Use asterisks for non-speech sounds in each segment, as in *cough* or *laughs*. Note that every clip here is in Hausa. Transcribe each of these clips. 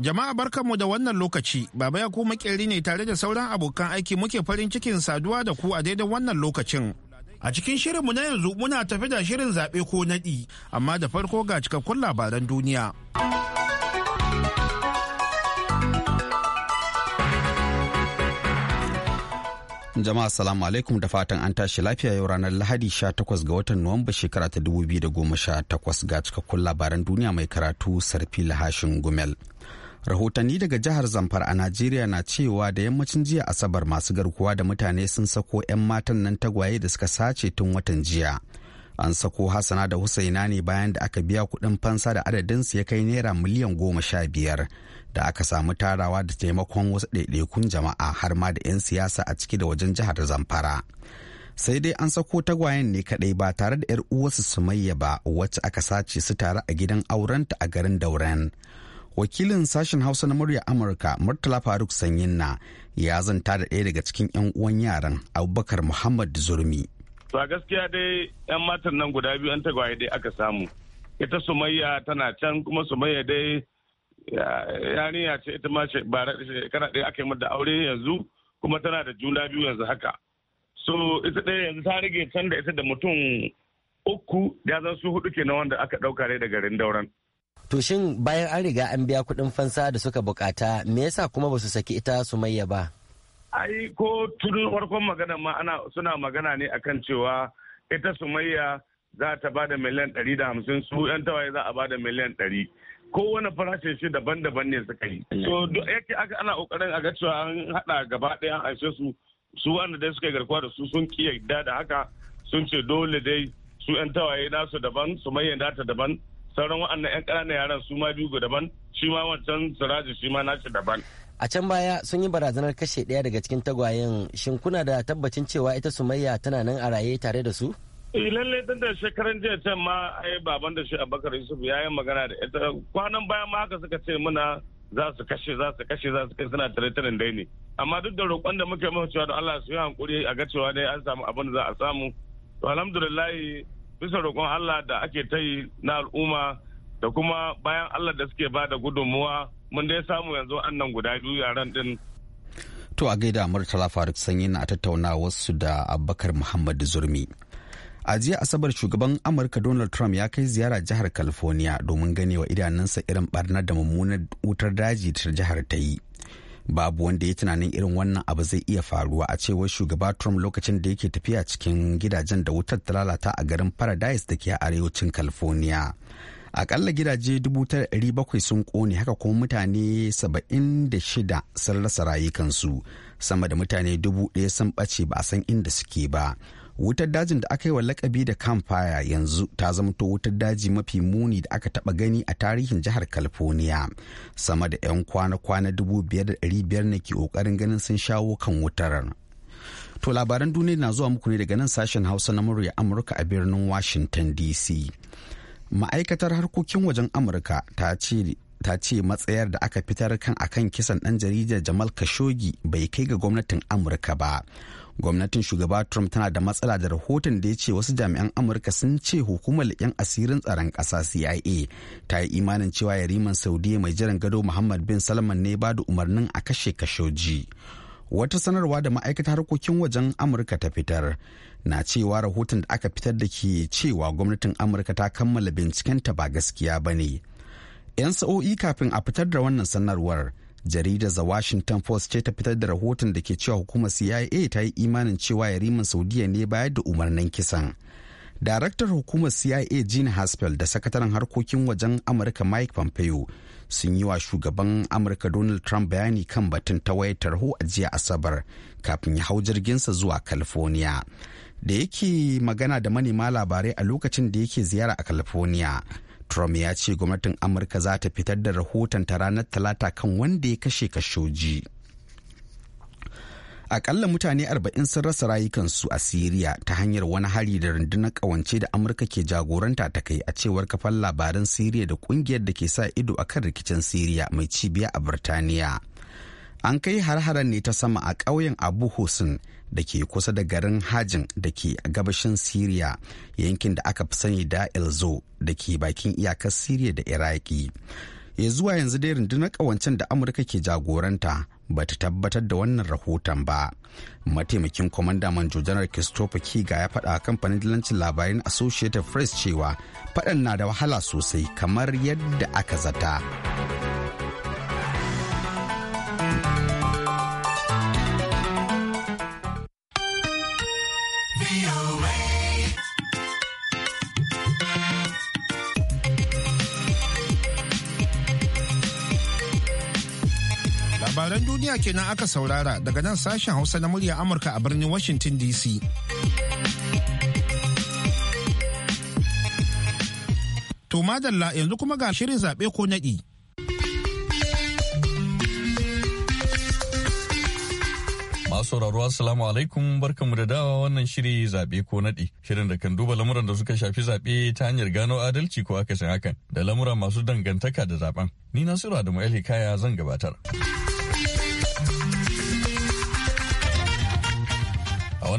Jama'a barkanmu da wannan lokaci, Baba ya ku makeri ne tare da sauran abokan aiki muke farin cikin saduwa da ku a daidai wannan lokacin. A cikin shirinmu na yanzu muna tafi da shirin zaɓe ko naɗi, amma da farko ga cikakkun labaran duniya. Jama'a salamu alaikum da fatan an tashi lafiya yau ranar Lahadi 18 ga watan Nuwamba shekara ta 2018 ga cikakkun labaran duniya mai karatu Sarfi Lahashin Gumel. rahotanni daga jihar zamfara a najeriya na cewa da yammacin jiya asabar masu garkuwa da mutane sun sako 'yan matan nan tagwaye da suka sace tun watan jiya an sako hassana da husaina ne bayan da aka biya kuɗin fansa da adadinsu ya kai naira miliyan goma sha biyar da aka samu tarawa da taimakon wasu ɗaiɗaikun jama'a har ma da 'yan siyasa a ciki da wajen jihar zamfara sai dai an sako tagwayen ne kaɗai ba tare da 'yar uwarsu sumayya ba wacce aka sace su tare a gidan aurenta a garin dauren wakilin sashen hausa na murya amurka murtala faruk sanyinna ya zanta da ɗaya daga cikin 'yan uwan yaran abubakar muhammad zurmi to a gaskiya dai 'yan matan nan guda biyu an tagwaye dai aka samu ita sumayya tana can kuma sumayya dai yarinya ce ita ma shekara ɗaya aka yi mata aure yanzu kuma tana da juna biyu yanzu haka so ita ɗaya yanzu ta rage can da ita da mutum uku ya zan su hudu kenan wanda aka ɗauka dai daga garin dauran To shin bayan an riga an biya kuɗin fansa da suka bukata me yasa kuma basu saki ita Sumayya ba? Ai ko tun farkon magana ma ana suna magana ne akan cewa ita Sumayya za ta bada miliyan ɗari da hamsin su yan tawaye za a bada miliyan ɗari. Kowane farashin shi daban-daban ne suka yi. To duk yake aka ana ƙoƙarin a ga cewa an haɗa gaba ɗaya an aishe su su wanda dai suka yi garkuwa da su sun ki yarda da haka sun ce dole dai su yan tawaye nasu daban Sumayya data daban sauran waɗannan 'yan ƙananan yaran su ma biyu daban shi ma wancan siraji shi ma nashi daban a can baya sun yi barazanar kashe ɗaya daga cikin tagwayen shin kuna da tabbacin cewa ita sumayya tana nan a raye tare da su eh, lallai tun da shekaran jiya can ma ai baban da shi abubakar yusuf ya yi magana da ita kwanan baya ma haka suka ce muna za su kashe za su kashe za su kai suna tare tare dai ne amma duk da roƙon da muke mahu cewa da Allah su yi hankuri a ga cewa dai an samu abin da za a samu to alhamdulillah bisa roƙon Allah da ake ta yi na al'umma da kuma bayan Allah da suke ba da gudunmuwa mun dai samu yanzu annan guda biyu yaran din. To a gaida Murtala Faruk Sanyi na tattauna wasu da Abubakar Muhammad Zurmi. A jiya Asabar shugaban Amurka Donald Trump ya kai ziyara jihar California domin ganewa idanunsa irin barnar da mummunar wutar daji ta jihar ta yi. babu wanda ya tunanin irin wannan abu zai iya faruwa a cewar shugaba trump lokacin da yake tafiya cikin gidajen da wutar ta lalata a garin paradise da ke arewacin california akalla gidaje 700,000 sun kone haka kuma mutane 76 sun rasa rayukansu sama da mutane 1,000 sun ɓace ba a san inda suke ba wutar dajin da aka yi wa lakabi da campfire yanzu ta zamto wutar daji mafi muni da aka taba gani a tarihin jihar california sama da 'yan kwana-kwana dubu 5,500 ne ke kokarin ganin sun shawo kan wutar to labaran duniya na zuwa muku ne daga nan sashen hausa na murya amurka a birnin washington dc ma'aikatar harkokin wajen amurka ta ce ta ce matsayar da aka fitar kan akan kisan ɗan jaridar jamal khashoggi bai kai ga gwamnatin amurka ba gwamnatin shugaba trump tana da matsala da rahoton da ya ce wasu jami'an amurka sun ce hukumar yan asirin tsaron ƙasa cia ta yi imanin cewa yariman saudiya mai jiran gado muhammad bin salman ne ba da umarnin a kashe kashoji wata sanarwa da ma'aikatar harkokin wajen amurka ta fitar na cewa rahoton da aka fitar da ke cewa gwamnatin amurka ta kammala bincikenta ba gaskiya ba ne 'yan sa'o'i kafin a fitar da wannan sanarwar jaridar the washington post ce ta fitar da rahoton da ke cewa hukumar cia ta yi imanin cewa yariman saudiya ne bayar da umarnin kisan daraktar hukumar cia Jean haspel da sakataren harkokin wajen amurka mike pompeo sun yi wa shugaban amurka donald trump bayani kan batun ta wayar tarho a jiya asabar kafin ya hau jirginsa zuwa california da yake magana da manema labarai a lokacin da yake ziyara a california Trump ya ce gwamnatin Amurka za ta fitar da rahoton ta ranar Talata kan wanda ya kashe kashoji. Akalla mutane 40 sun rasa rayukansu a Siriya ta hanyar wani hari da rundunar kawance da Amurka ke jagoranta ta kai a cewar kafan labaran Siriya da kungiyar da ke sa ido a kan rikicin Siriya mai cibiya a Birtaniya. an kai har-haren ne ta sama a ƙauyen abu Husin da ke kusa da garin hajin da ke a gabashin siriya yankin da aka fi sani da elzo da ke bakin iyakar siriya da iraki ya zuwa yanzu dai rundunar ƙawancen da amurka ke jagoranta ba ta tabbatar da wannan rahoton ba mataimakin kwamandan manjo janar christopher kiga ya faɗa kamfanin dillancin labarin associated press cewa faɗan na da wahala sosai kamar yadda aka zata. duniya kenan aka saurara daga nan sashen hausa na murya amurka a birnin washington dc to madalla yanzu kuma ga shirin zaɓe ko naɗi Masu sauraro Assalamu alaikum barkanmu da dawa wannan shiri zaɓe ko naɗi. Shirin da kan duba lamuran da suka shafi zaɓe ta hanyar gano adalci ko akasin hakan da lamura masu dangantaka da zaben. Ni Nasiru Adamu Hikaya zan gabatar.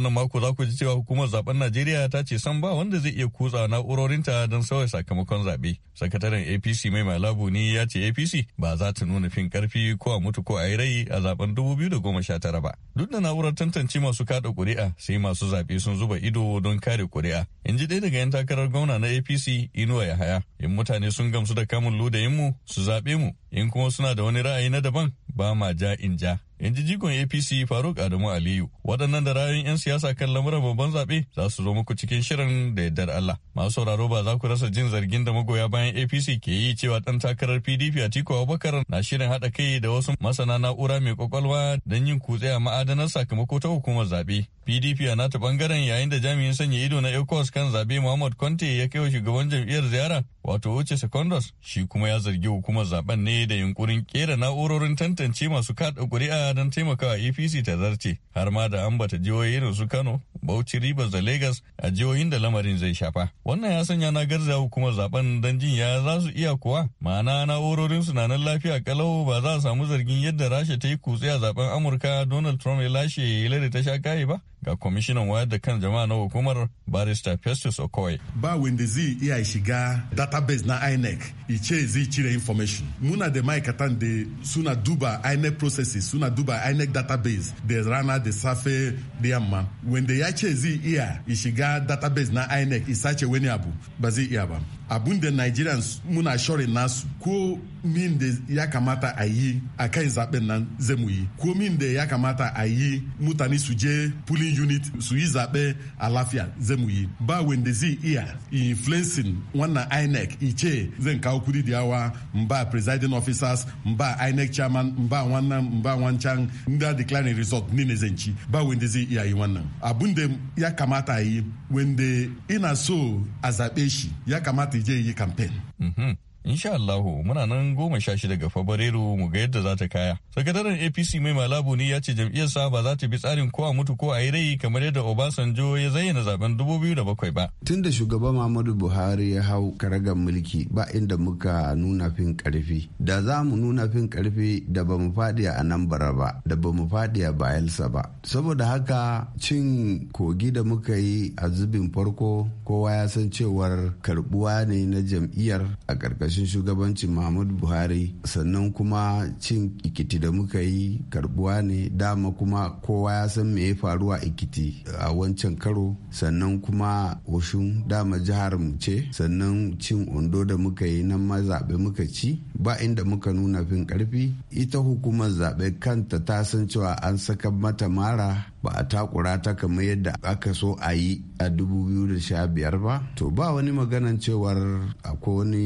wannan mako za ku ji cewa hukumar zaben najeriya ta ce san ba wanda zai iya kutsa na'urorinta don sauya sakamakon zaɓe sakataren apc mai malabu ne ya ce apc ba za ta nuna fin karfi ko a mutu ko a yi rai a zaben 2019 ba duk da na'urar tantance masu kada kuri'a sai masu zaɓe sun zuba ido don kare kuri'a in ji ɗaya daga 'yan takarar gwamna na apc inuwa ya haya in mutane sun gamsu da kamun ludayinmu su zaɓe mu in kuma suna da wani ra'ayi na daban ba ma ja in ja in ji jigon apc faruk adamu aliyu waɗannan da rayun 'yan siyasa kan lamuran babban zaɓe za su zo muku cikin shirin da yardar allah masu sauraro ba za ku rasa jin zargin da magoya bayan apc ke yi cewa ɗan takarar pdp a tiko abubakar na shirin haɗa kai da wasu masana na'ura mai kwakwalwa don yin kutse a ma'adanar sakamako ta hukumar zaɓe pdp a nata ɓangaren yayin da jami'in sanya ido na ecos kan zaɓe muhammad conte ya kai wa shugaban jam'iyyar ziyara wato wuce secondos shi kuma ya zargi hukumar zaben ne da yunkurin kera na'urorin tantance masu kaɗa kuri'a don taimakawa apc ta zarce har ma da ambata jihohi irin su kano bauchi ribas da lagos a jihohin da lamarin zai shafa wannan ya sanya na garza hukumar zaben don jin ya za su iya kuwa ma'ana na'urorin su na nan lafiya kalau ba za a samu zargin yadda rasha ta yi kutse a zaben amurka donald trump ya lashe ya ta sha kaye ba ga kwamishinan wayar da kan jama'a na hukumar barista festus okoye ba wanda zai iya shiga database na inec ice zai cire information muna da ma'aikatan da suna duba inec processes suna duba inec database da rana da safe da yamma wanda ya ce zai iya shiga database na inec isace wani abu ba zai iya ba abun da nigerians muna shorin nasu ko min da ya kamata a yi a kan zaben nan zai mu yi ko min da ya kamata a yi mutane su je pulling unit su yi zaɓe a lafiya zai mu yi ba wanda zai iya influencing wannan inec ice zan kawo kudi da yawa ba presiding officers ba inec chairman ba wannan ba wancan da declaring result ni ne zan ci ba wanda zai iya yi wannan abun da ya kamata a yi wanda ina so a zaɓe shi ya kamata party zai yi campaign mm-hmm. insha Allahu muna nan goma sha shida ga Fabrairu mu ga yadda za ta kaya. Sakataren APC mai malabu ne ya ce jam'iyyarsa ba za ta bi tsarin ko a mutu ko a yi rai kamar yadda Obasanjo ya zayyana zaben bakwai ba. Tun da shugaba Muhammadu Buhari ya hau karagar mulki ba inda muka nuna fin karfi. Da za mu nuna fin karfi da ba mu faɗi a Anambra ba, da ba mu faɗi a Bayelsa ba. Saboda haka cin kogi da muka yi a zubin farko kowa ya san cewar karbuwa ne na jam'iyyar a ƙarƙashin karkashin shugabancin mahmud buhari sannan kuma cin ikiti da muka yi karbuwa ne dama kuma kowa ya san me ya faru a ikiti a wancan karo sannan kuma washin dama jihar mu ce sannan cin ondo da muka yi nan ma zaɓe muka ci ba inda muka nuna fin karfi ita hukumar zaɓe kanta ta san cewa an saka mata mara ba a takura ta kamar yadda aka so a yi a 2015 ba to ba wani maganan cewar akwai wani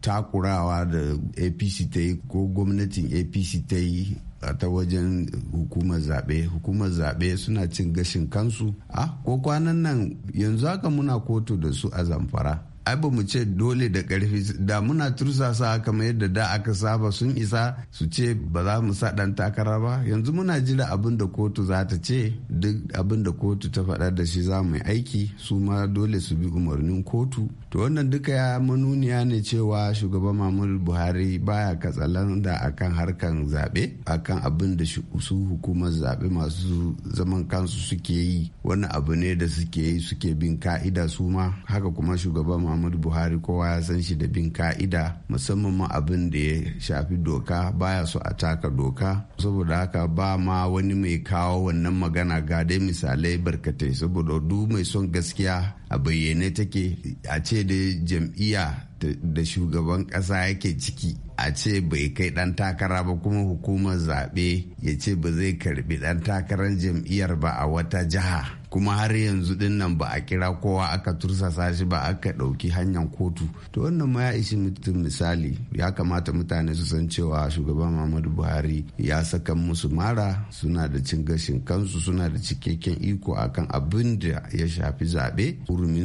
takurawa da apc ta yi ko gwamnatin apc ta yi ta wajen hukumar zaɓe hukumar zaɓe suna cin gashin kansu a ah, ko kwanan nan yanzu haka muna kotu da su a zamfara ai ba mu ce dole da karfi da muna tursasa kamar yadda da aka saba sun isa su ce ba za mu sa ɗan takara ba yanzu muna jira abin da kotu za ta ce duk abin da kotu ta faɗa da shi za mu yi aiki su ma dole su bi umarnin kotu to wannan duka ya manuniya ne cewa shugaban mamul buhari baya katsalan da akan harkan zaɓe akan abin da su hukumar zaɓe masu zaman kansu suke yi wani abu ne da suke yi suke bin ka'ida su ma haka kuma shugaban muhammadu buhari kowa ya san shi da bin ka'ida musamman ma abin da ya shafi doka baya so a taka doka saboda haka ba ma wani mai kawo wannan magana ga dai misalai barkatai saboda duk mai son gaskiya a bayyane take a ce dai jam'iyya da shugaban ƙasa yake ciki a ce bai kai ɗan takara ba kuma hukumar zaɓe ya ce ba zai karbi ɗan takarar jam'iyyar ba a wata jiha kuma har yanzu din nan ba a kira kowa aka tursasa shi ba aka ɗauki hanyar kotu to wannan ma ya ishi mutum misali ya kamata mutane su san cewa shugaban muhammadu buhari ya saka musu mara suna da cin gashin kansu suna da cikakken iko akan abin da ya shafi zaɓe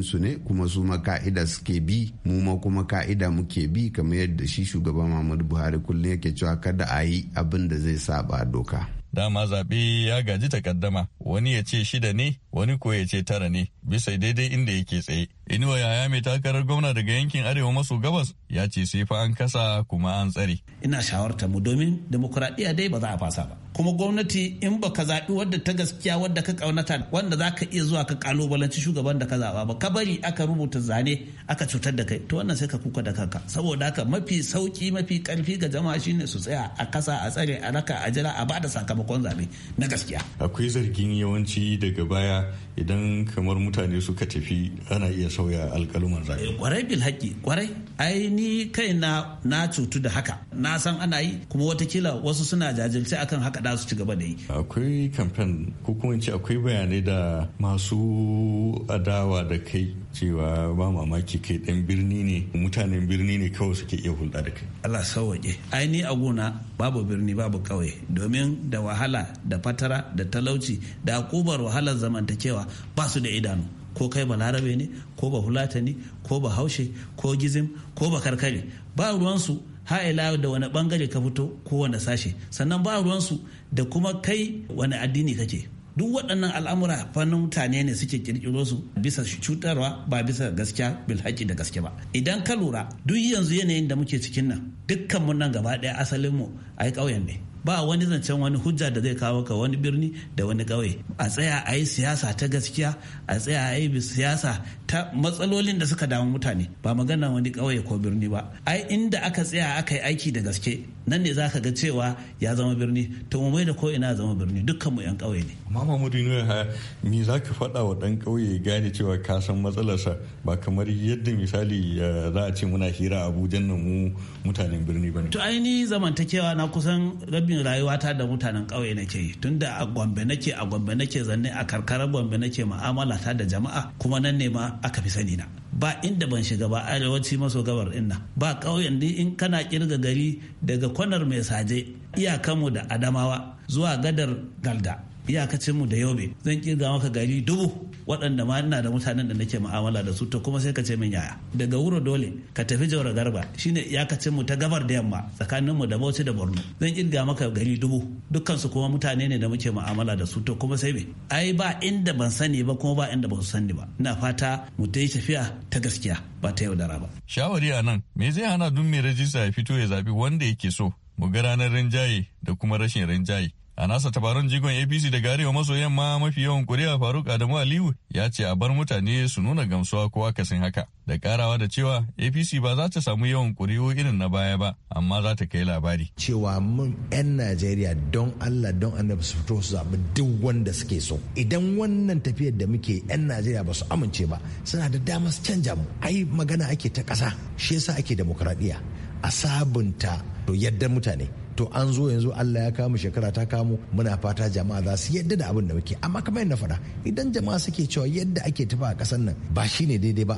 su ne kuma su ma ka'ida suke bi mu ma kuma ka'ida muke bi kamar yadda shi shugaban muhammadu buhari kullum yake cewa kada a yi abin da zai saba doka dama zaɓe ya gaji takaddama wani ya ce shida ne wani ko ya ce tara ne bisa daidai inda yake tsaye inuwa yaya mai takarar gwamna daga yankin arewa maso gabas ya ce sai fa an kasa kuma an tsare ina shawarta mu domin demokuraɗiyya dai ba za a fasa ba kuma gwamnati in ba ka zaɓi wadda ta gaskiya wadda ka ƙaunata wanda za ka iya zuwa ka ƙalubalanci shugaban da ka zaɓa ba ka bari aka rubuta zane aka cutar da kai to wannan sai ka kuka da kanka saboda haka mafi sauki mafi ƙarfi ga jama'a shine su tsaya a kasa a tsare a raka a jira a bada sakamakon zaɓe na gaskiya akwai zargin yawanci daga baya idan kamar mutane suka tafi ana iya sauya alkaluman zaɓe. Eh, kwarai bil haƙi kwarai ai ni kai na cutu da haka na san ana yi kuma watakila wasu suna jajirce akan haka da su ci gaba da yi. akwai kamfen ko akwai bayanai da masu adawa da kai cewa ba mamaki kai ɗan birni ne mutanen birni ne kawai suke iya hulɗa da kai. Allah sauwaƙe ai ni a gona babu birni babu ƙauye domin da wahala da fatara da talauci da akubar wahalar zamantakewa Basu ba su da idanu ko kai balarabe ne ko ba ne ko ba haushe ko gizim ko ba karkare ba ruwansu ila da wani bangare ka fito ko wani sashe sannan ba ruwansu da kuma kai wani addini kake duk waɗannan al'amura fannin mutane ne suke kirkiro su bisa cutarwa ba bisa gaskiya bilhaki da gaske ba idan ka lura duk yanzu yanayin da muke cikin nan dukkan mun nan gaba ɗaya mu a yi ƙauyen ne ba wani zancen wani hujja da zai kawo ka wani birni da wani ƙauye a tsaya a yi siyasa ta gaskiya a tsaya a yi siyasa ta matsalolin da suka damu mutane ba magana wani ƙauye ko birni ba ai inda aka tsaya aka yi aiki da gaske nan ne za ka ga cewa ya zama birni to mu mai da ko ina zama birni dukkan mu yan ƙauye ne amma Muhammadu Nuhu ni za ka faɗa wa ɗan ƙauye gane cewa ka san matsalarsa ba kamar yadda misali za a ce muna hira abujan nan mu mutanen birni ba ne to ainihin zamantakewa na kusan rabbi. rabin rayuwata da mutanen ƙauye nake yi tunda a gombe nake a gombe nake zanne a karkarar gombe nake ma'amalata ta da jama'a kuma nan ne ma aka fi sani na ba inda ban shiga ba arewaci maso gabar inna ba ƙauyen ni in kana kirga gari daga kwanar mai saje iyakanmu da adamawa zuwa gadar galda iyakacinmu da yobe zan kirga maka gari dubu waɗanda ma ina da mutanen da nake mu'amala da su to kuma sai ka ce min yaya daga wuro dole ka tafi jaura garba shine iyakacinmu ta gabar da yamma tsakaninmu da bauchi da borno zan kirga maka gari dubu dukkansu kuma mutane ne da muke mu'amala da su to kuma sai me ai ba inda ban sani ba kuma ba inda ba su sani ba ina fata mu ta tafiya ta gaskiya ba ta yaudara ba shawari a nan me zai hana dun mai rajista ya fito ya zabi wanda yake so mu ga ranar rinjaye da kuma rashin rinjaye a nasa tabaron jigon apc daga arewa maso yamma mafi yawan kuri'a faruk adamu aliyu ya ce a bar mutane su nuna gamsuwa ko akasin haka da karawa da cewa apc ba za ta samu yawan kuri'o irin na baya ba amma za ta kai labari cewa mun 'yan najeriya don allah don annabi su fito su zaɓi duk wanda suke so idan wannan tafiyar da muke 'yan najeriya ba su amince ba suna da damar canja mu ai magana ake ta ƙasa shi yasa ake demokradiyya a sabunta yadda mutane to an zo yanzu Allah ya kamu shekara ta kamu muna fata jama'a za su yadda da abin da muke amma kamar yadda faɗa idan jama'a suke cewa yadda ake tafi a ƙasar nan ba shi ne daidai ba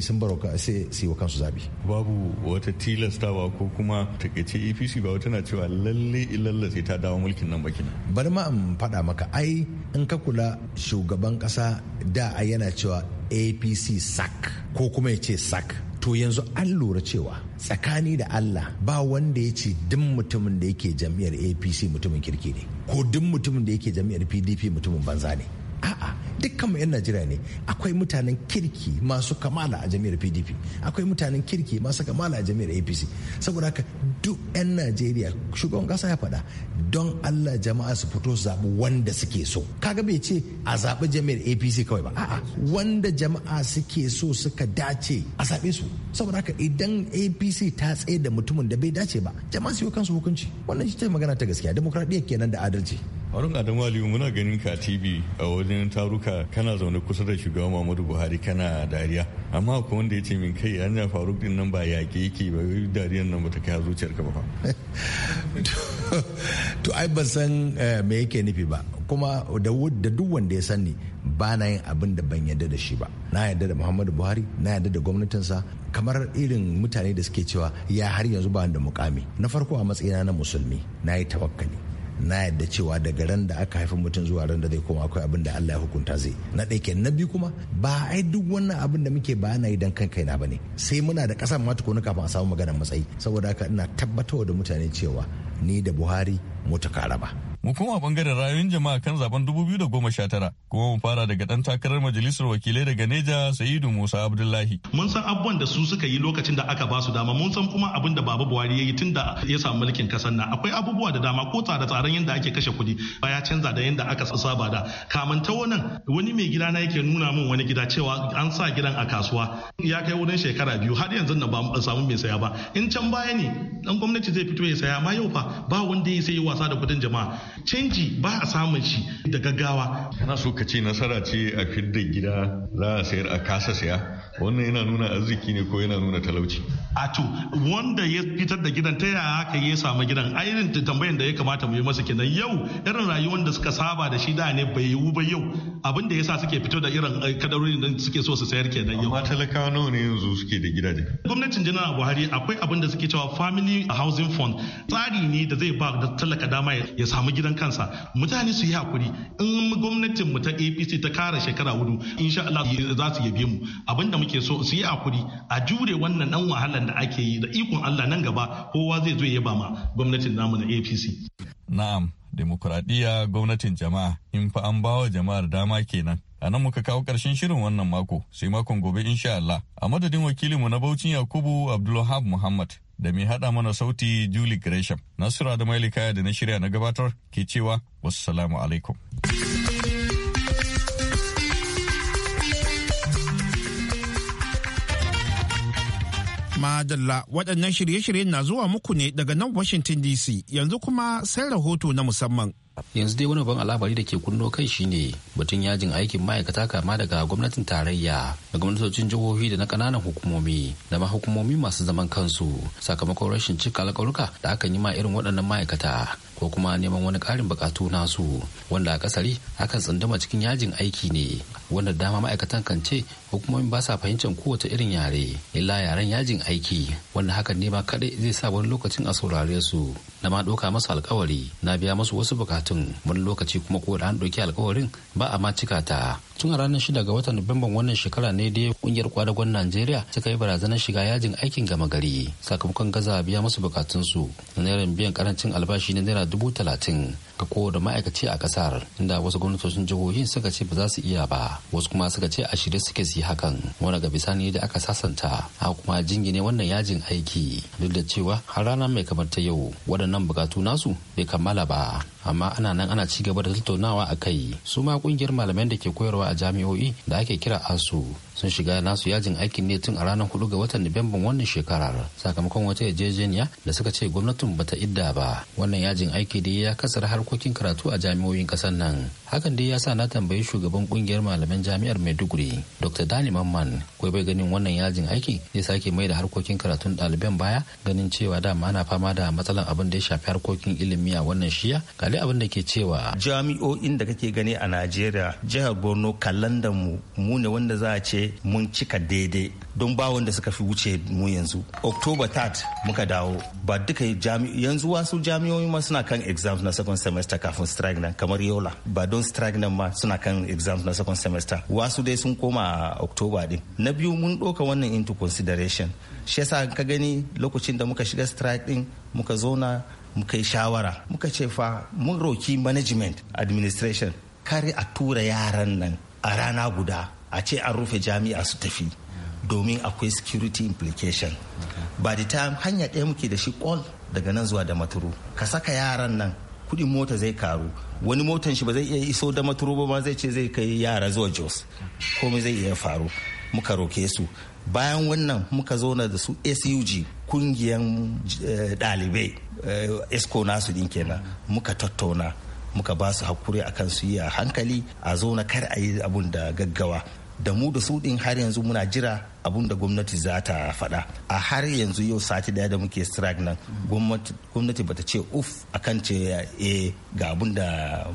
sun baro sai su yi kansu zabi. babu wata tilastawa ko kuma takaice apc ba wata na cewa lalle ilalla sai ta dawo mulkin nan bakina. bari ma in faɗa maka ai in ka kula shugaban ƙasa da yana cewa apc sak ko kuma ya ce sack. to yanzu an lura cewa tsakani da Allah ba wanda ya ce duk mutumin da yake jam'iyyar APC mutumin kirki ne ko duk mutumin da yake jam'iyyar PDP mutumin banza ne a'a dukkan mu 'yan najeriya ne akwai mutanen kirki masu kamala a jami'ar pdp akwai mutanen kirki masu kamala a jami'ar apc saboda haka duk 'yan najeriya shugaban kasa ya faɗa don allah jama'a su fito zabi zaɓi wanda suke so kaga bai ce a zaɓi jami'ar apc kawai ba a'a wanda jama'a suke so suka dace a zaɓe su saboda haka idan apc ta tsaye da mutumin da bai dace ba jama'a su yi kansu hukunci wannan shi ce magana ta gaskiya demokradiyya kenan da adalci Harun Adamu Aliyu muna ganin ka TV a wajen taruka kana zaune kusa da shugaban Muhammadu Buhari kana dariya. Amma ko wanda ya ce min kai an ya faru din nan ba ke yake ba dariyan nan bata kai zuciyar ka ba. *laughs* To ai ban san eh, me yake nufi ba kuma da duk wanda ya sani ba na yin abin da ban yarda da shi ba na yarda da muhammadu buhari na yarda da gwamnatinsa kamar irin mutane da suke cewa ya har yanzu ba da mukami na farko a matsayina na musulmi na yi tawakkali na yadda cewa daga ran da aka haifi mutum zuwa ran da zai koma akwai abin da Allah ya hukunta zai na ɗaya kenan na biyu kuma ba ai duk wannan abin da muke ba na idan kan kaina bane sai muna da ƙasar ma tukuna kafin a samu maganar matsayi saboda haka ina tabbatarwa da mutane cewa ni da Buhari mu ta ba mu koma bangaren rayuwar jama'a kan zaben 2019 kuma mu fara daga dan takarar majalisar wakilai daga Neja Sa'idu Musa Abdullahi. Mun san abubuwan da su suka yi lokacin da aka ba su dama mun san kuma abin da Baba Buhari ya yi tun da ya samu mulkin kasar nan akwai abubuwa da dama ko tsare tsaren yadda ake kashe kuɗi ba ya canza da yadda aka saba da kamun ta wannan wani mai gida na yake nuna min wani gida cewa an sa gidan a kasuwa ya kai wurin shekara biyu har yanzu na ba mu samu mai saya ba in can baya ne dan gwamnati zai fito ya saya ma yau fa ba wanda ya sai wasa da kuɗin jama'a canji ba a samun shi da gaggawa kana so ka ce nasara ce a fidda gida za a sayar a kasa saya wannan yana nuna arziki ne ko yana nuna talauci a to wanda ya fitar da gidan ta yaya aka ya samu gidan irin tambayan da ya kamata mu yi masa kenan yau irin rayuwar da suka saba da shi da ne bai yiwu ba yau abin da yasa suke fito da irin eh, kadarorin da suke so su sayar kenan yau amma talakawa nawa ne yanzu suke da gidaje gwamnatin janar buhari akwai abin da suke cewa family housing fund tsari ne da zai ba da talaka dama ya samu gidan kansa mutane su yi hakuri in gwamnatin mu ta apc ta kara shekara hudu insha Allah za su yabe mu da muke so su yi hakuri a jure wannan dan wahalan da ake yi da ikon Allah nan gaba kowa zai zo ya ba ma gwamnatin namu na APC. Na'am, demokuraɗiyya gwamnatin jama'a in fa an bawa jama'ar dama kenan. A nan muka kawo ƙarshen shirin wannan mako sai makon gobe insha Allah. A madadin wakilinmu na Baucin Yakubu Abdulwahab Muhammad da mai haɗa mana sauti Julie Gresham. Nasura da Mailika da na shirya na gabatar ke cewa wassalamu alaikum. Madalla waɗannan shirye-shiryen na zuwa muku ne daga nan Washington DC yanzu kuma sai rahoto na musamman. yanzu dai wani babban al'amari da ke kunno kai shine batun yajin aikin ma'aikata kama daga gwamnatin tarayya da gwamnatocin jihohi da na kananan hukumomi da ma hukumomi masu zaman kansu sakamakon rashin cika alƙaluka da aka yi ma irin waɗannan ma'aikata ko kuma neman wani ƙarin buƙatu nasu wanda a kasari akan tsunduma cikin yajin aiki ne wanda dama ma'aikatan kan ce hukumomin ba sa fahimtar kowace irin yare illa yaren yajin aiki wanda hakan ne ma kaɗai zai sa wani lokacin a saurare su na ma ɗauka masu alkawari na biya masu wasu buƙatu bukatun wani lokaci kuma ko da an ɗauki alkawarin ba a ma cika ta tun a ranar shida ga watan nuwamban wannan shekara ne da kungiyar kwadagon najeriya suka yi barazanar shiga yajin aikin gama gari sakamakon gaza biya musu bukatunsu na naira biyan karancin albashi na naira dubu talatin ga kowane ma'aikaci a kasar inda wasu gwamnatocin jihohin suka ce ba za su iya ba wasu kuma suka ce a shirye suke su yi hakan wani ga bisani da aka sasanta a kuma jingine wannan yajin aiki duk da cewa har rana mai kamar ta yau waɗannan bukatu nasu bai kammala ba amma ana nan ana ci gaba da tattaunawa a kai su ma kungiyar malaman da ke koyarwa a jami'o'i da ake kira asu sun shiga nasu yajin aikin ne tun a ranar hudu ga watan nuwamban wannan shekarar sakamakon wata yarjejeniya da suka ce gwamnatin bata idda ba wannan yajin aiki dai ya kasar harkokin karatu a jami'o'in kasar nan hakan dai ya sa na tambayi shugaban kungiyar malaman jami'ar maiduguri dr dani mamman ko bai ganin wannan yajin aiki ya sake mai da harkokin karatun ɗaliban baya ganin cewa dama ana fama da matsalan abin da ya shafi harkokin ilimi a wannan shiya kali abin da ke cewa jami'o'in da kake gani a najeriya jihar borno kallon mu mu ne wanda za a ce mun cika daidai don ba wanda suka fi wuce mu yanzu october 3 muka dawo ba duka yanzu wasu jami'o'i ma suna kan exams na second semester kafin strike nan kamar yola ba don strike nan ma suna kan exams na second semester wasu dai sun koma a october din na biyu mun ɗauka wannan into consideration shi yasa ka gani lokacin da muka shiga strike din muka zauna muka yi shawara muka ce fa mun roki management administration kare a tura yaran nan a rana guda a ce an rufe jami'a su tafi domin akwai security implication ba da ta hanya ɗaya muke da shi kwal daga nan zuwa da maturu ka saka yaran nan kudin mota zai karu wani motan shi ba zai iya iso da maturu ba ma zai ce zai kai yara zuwa jos komai zai iya faru muka roke su bayan wannan muka zauna da su sug kungiyan eh, ɗalibai eh, esco nasu din kenan muka tattauna muka ba su hakuri akan su yi a hankali a zauna kar a yi abun da gaggawa da mu da su din har yanzu muna jira abun da gwamnati za ta faɗa a har yanzu yau sati daya da muke strike nan gwamnati bata ce uf a kan ce e ga abun da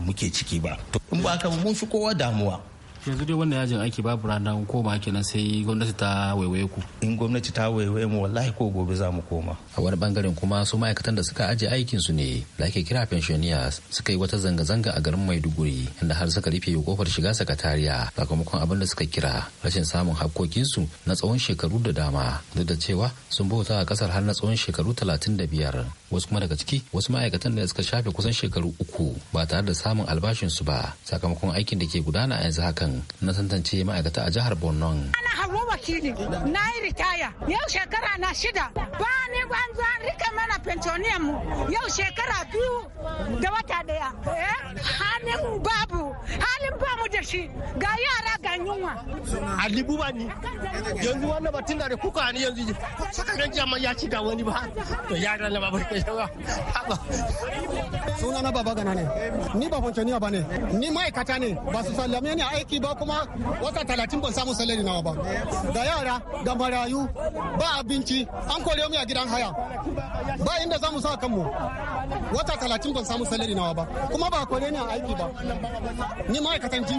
muke ciki ba to in ba haka mun fi kowa damuwa yanzu dai wannan yajin aiki babu ranar koma kenan sai gwamnati ta waiwaye ku in gwamnati ta waiwaye mu wallahi ko gobe za mu koma a wani bangaren kuma su ma'aikatan da suka aje aikin su ne da ake kira pensioners suka yi wata zanga-zanga a garin maiduguri inda har suka rufe kofar shiga sakatariya sakamakon abin da suka kira rashin samun su na tsawon shekaru da dama duk da cewa sun bauta a kasar har na tsawon shekaru talatin da biyar wasu kuma daga ciki wasu ma'aikatan da suka shafe kusan shekaru uku ba tare da samun albashin su ba sakamakon aikin da ke gudana a yanzu hakan na tantance ma'aikata a jihar borno ana hawa wakili na yi ritaya yau shekara na shida ba ni zuwa rika mana pensioniyan mu yau shekara biyu da wata daya eh? hannun babu da shi ga yara ga yunwa alibu ba ni yanzu wannan batun da kuka yanzu jama ya ci ga wani ba to yara na babar suna na baba gana ne ni ba ba ne ni ma'aikata ne ba su sallame ni aiki ba kuma wata talatin ban samu salari nawa ba ga yara marayu ba abinci an kore mu a gidan haya ba inda za mu sa kanmu wata talatin ban samu salari nawa ba kuma ba kore ni aiki ba ni ma'aikatan jini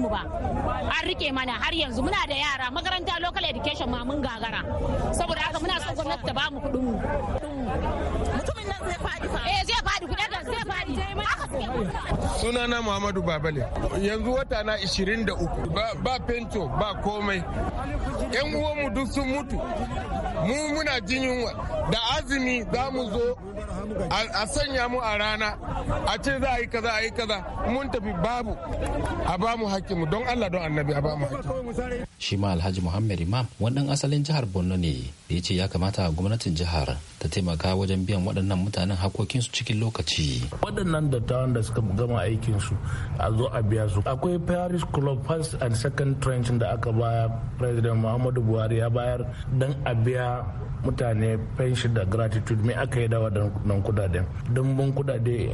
garinmu ba an rike mana har yanzu muna da yara makaranta local education ma mun gagara saboda haka muna son gwamnati ta bamu kudin mu mutumin nan zai faɗi fa eh zai faɗi kuɗin da zai faɗi sunana Muhammadu Babale yanzu wata na 23 ba fento ba komai yan uwanmu duk sun mutu mu muna jin yunwa da azumi za mu zo a sanya mu a rana a ce za a yi kaza a yi kaza mun tafi babu a ba mu mu don Allah don annabi a ba mu shi ma alhaji muhammad imam wannan asalin jihar borno ne da ya ce ya kamata gwamnatin jihar ta taimaka wajen biyan waɗannan mutanen hakokinsu cikin lokaci waɗannan dattawan da suka gama aikinsu a zo a biya su akwai paris club first and second trench da aka baya president muhammadu buhari ya bayar don a biya mutane fenshi da gratitude me aka yi da waɗannan kudaden dumbin kudade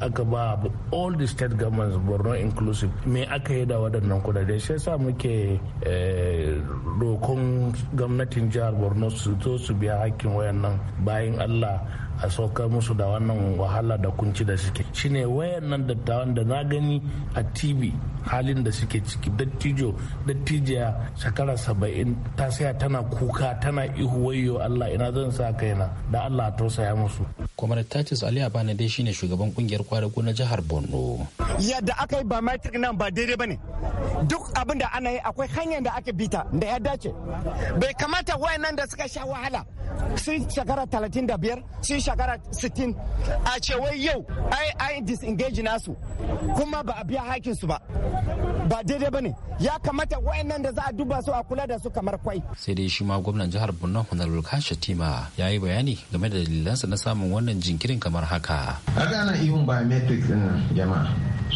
aka ba all the state governments borno inclusive me aka yi da waɗannan kudade shi sa muke eh, rokon gwamnatin jihar borno su zo su biya hakkin wayannan bayan allah a saukar musu da wannan wahala da kunci da suke shine wayannan dattawan da na gani a tv halin da suke ciki dattijo dattijiya shekara saba'in ta saya tana kuka tana ihu wayo allah ina zan sa kaina da allah tausaya musu kwamar tatis ali abana dai shine shugaban kungiyar kwadago na jihar borno yadda aka yi ba nan ba daidai ba ne duk abinda da ana yi akwai hanyar da aka bita da ya dace bai kamata wayannan da suka sha wahala sun shekara talatin da biyar sun shekara 60 a ce wai yau ai ai disengage nasu kuma ba a biya hakin su ba ba daidai bane ya kamata wayannan da za a duba su a kula da su kamar kwai sai dai shi ma gwamnan jihar Borno Honorable Kashi Tima ya yi bayani game da dalilansa na samun wannan jinkirin kamar haka kaga ana ihun biometrics din jama'a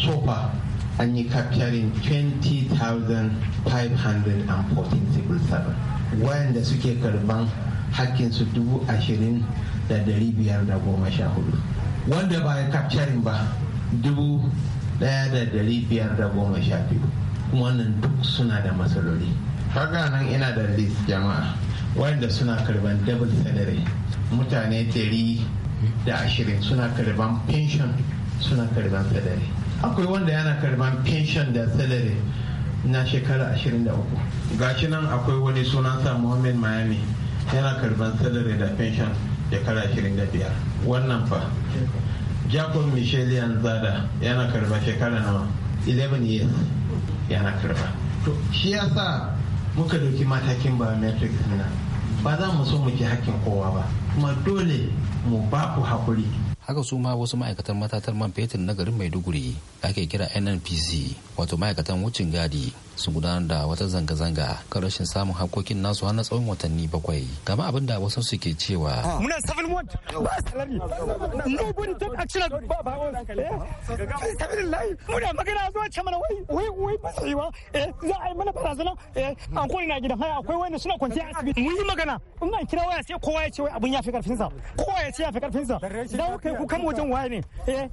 sofa an yi capturing 20,514 civil wayanda suke karban hakkinsu dubu ashirin da dari biyar da goma sha hudu wanda ba ya capturing ba dubu daya da dari biyar da goma sha biyu kuma wannan duk suna da matsaloli haka nan ina da list jama'a wanda suna karban double salary mutane dari da ashirin suna karban pension suna karban salary akwai wanda yana karban pension da salary na shekara 23 gashi nan akwai wani sunansa muhammad miami yana karban salary da pension shekara 25 wannan fa jacob michelian zada yana karba shekara na 11 years yana karba shi ya sa muka doki matakin biometrics na ba za mu so muke hakkin kowa ba kuma dole mu ba ku hakuri haka su ma wasu ma'aikatan matatar man fetur na garin maiduguri ake kira nnpc wato ma'aikatan wucin gadi su gudanar da wata zanga-zanga kan rashin samun hakokin nasu har na tsawon watanni bakwai gama abin da wasu suke cewa eh, mana wai eh, a yi eh, akwai suna asibiti mun yi magana in an kira waya sai kowa ya ce wai abin ya fi karfin sa kowa ya ce ya fi karfin sa da wajen waya ne eh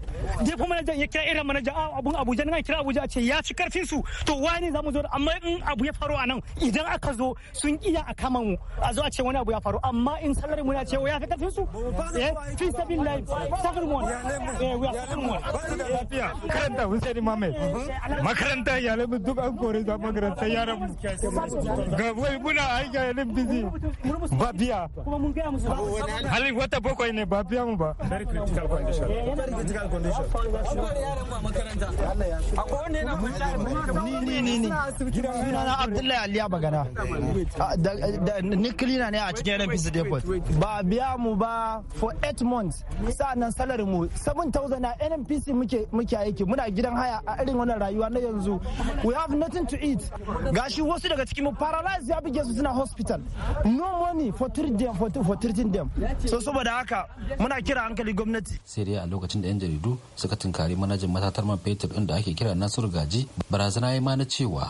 kuma manajan ya kira irin manajan ah, abun Abuja kira Abuja a ce ya fi karfin su to wani zamu mu zo amma in abu ya faru a nan idan aka zo sun iya a kama mu a zo a ce wani abu ya faru amma in salari mu na ce ya fi karfin su eh fi sabin lai sabin mu eh we are sabin mu makaranta Hussein Mohammed makaranta yalan mu duk an kore za makaranta ya mu ga wai muna ya yalan bizi ba kuma mun ga musu halin wata bakwai ne ba mu ba very critical condition critical condition akwai yaran yana ni ni ni gidan suna na abdullahi aliya bagana ah, da niklina ne a cikin nfc depot ba biya mu ba for 8 months sa'annan salary mu 7000 na nfc muke muke aiki muna gidan haya a irin wannan rayuwa na yanzu we have nothing to eat gashi wasu daga cikin mu paralyzed ya buge su suna hospital no money for treating for, for treating them so saboda haka muna kira hankali gwamnati sai dai a lokacin da yan jaridu suka tunkari manajan matatar man fetur din da ake kira Nasiru Gaji barazana ya ma na cewa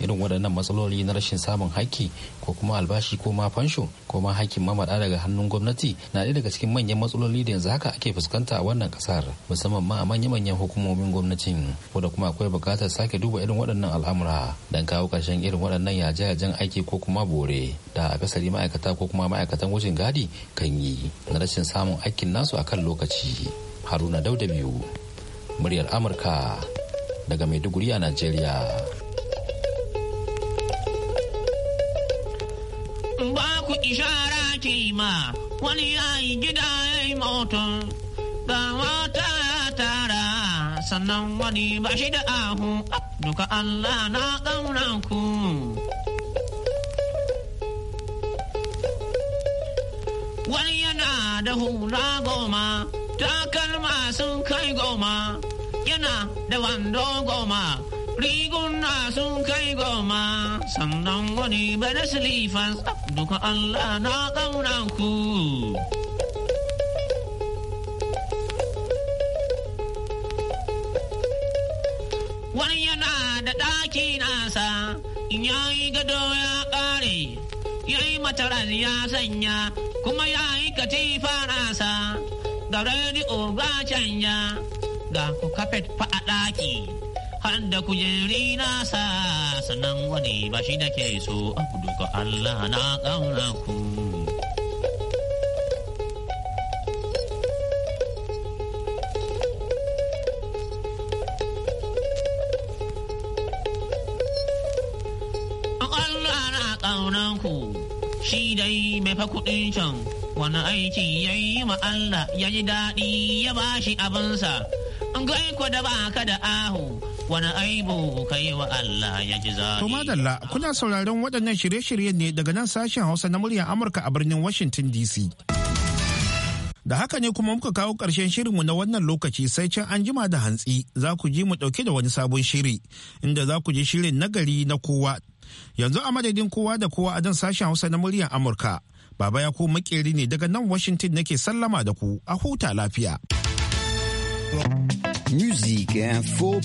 irin waɗannan matsaloli na rashin samun haƙƙi ko kuma albashi ko ma fansho ko ma haƙƙin mamada daga hannun gwamnati na ɗaya daga cikin manyan matsaloli da yanzu haka ake fuskanta a wannan ƙasar musamman ma a manya-manyan hukumomin gwamnatin ko da kuma akwai buƙatar sake duba irin waɗannan al'amura don kawo ƙarshen irin waɗannan yaje-yajen aiki ko kuma bore da akasari ma'aikata ko kuma ma'aikatan wucin gadi kan yi na rashin samun aikin nasu a kan lokaci haruna dauda biyu muryar amurka daga maiduguri a najeriya ba ku ishara ke ma wani ya yi gida ya yi motun ga mata tara sannan wani ba shi da ahu duka Allah na ɗauna ku. Wani yana da hula goma takalma sun kai goma yana da wando goma riguna sun kai goma sannan wani bada silifan duka Allah na ƙauna ku. Wani yana da ɗaki nasa in yayi gado ya ƙare, yayi mataran ya sanya kuma yayi katifa nasa, ga rediyo ga canja, ga ku kafet fa a ɗaki. hadda kujeri na sa sannan wani ba shi da ke so a kudu ga Allah na ƙauna ku. Allah na ƙauna ku shi dai mai fa kuɗin can wani aiki ya yi ma Allah ya ji daɗi ya ba shi abinsa. Gai ku da ba ka da ahu wani aibu yi wa Allah ya ji zaɓi. To madalla kuna sauraron waɗannan shirye-shiryen ne daga nan sashen Hausa na muryar Amurka a birnin Washington DC. Da haka ne kuma muka kawo ƙarshen shirinmu na wannan lokaci sai can an jima da hantsi za ku ji mu ɗauke da wani sabon shiri inda za ku ji shirin nagari na kowa. Yanzu a madadin kowa da kowa a dan sashen Hausa na muryar Amurka. Baba ya ko makeri ne daga nan Washington nake sallama da ku a huta lafiya. music and